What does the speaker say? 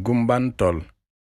Gumban Toll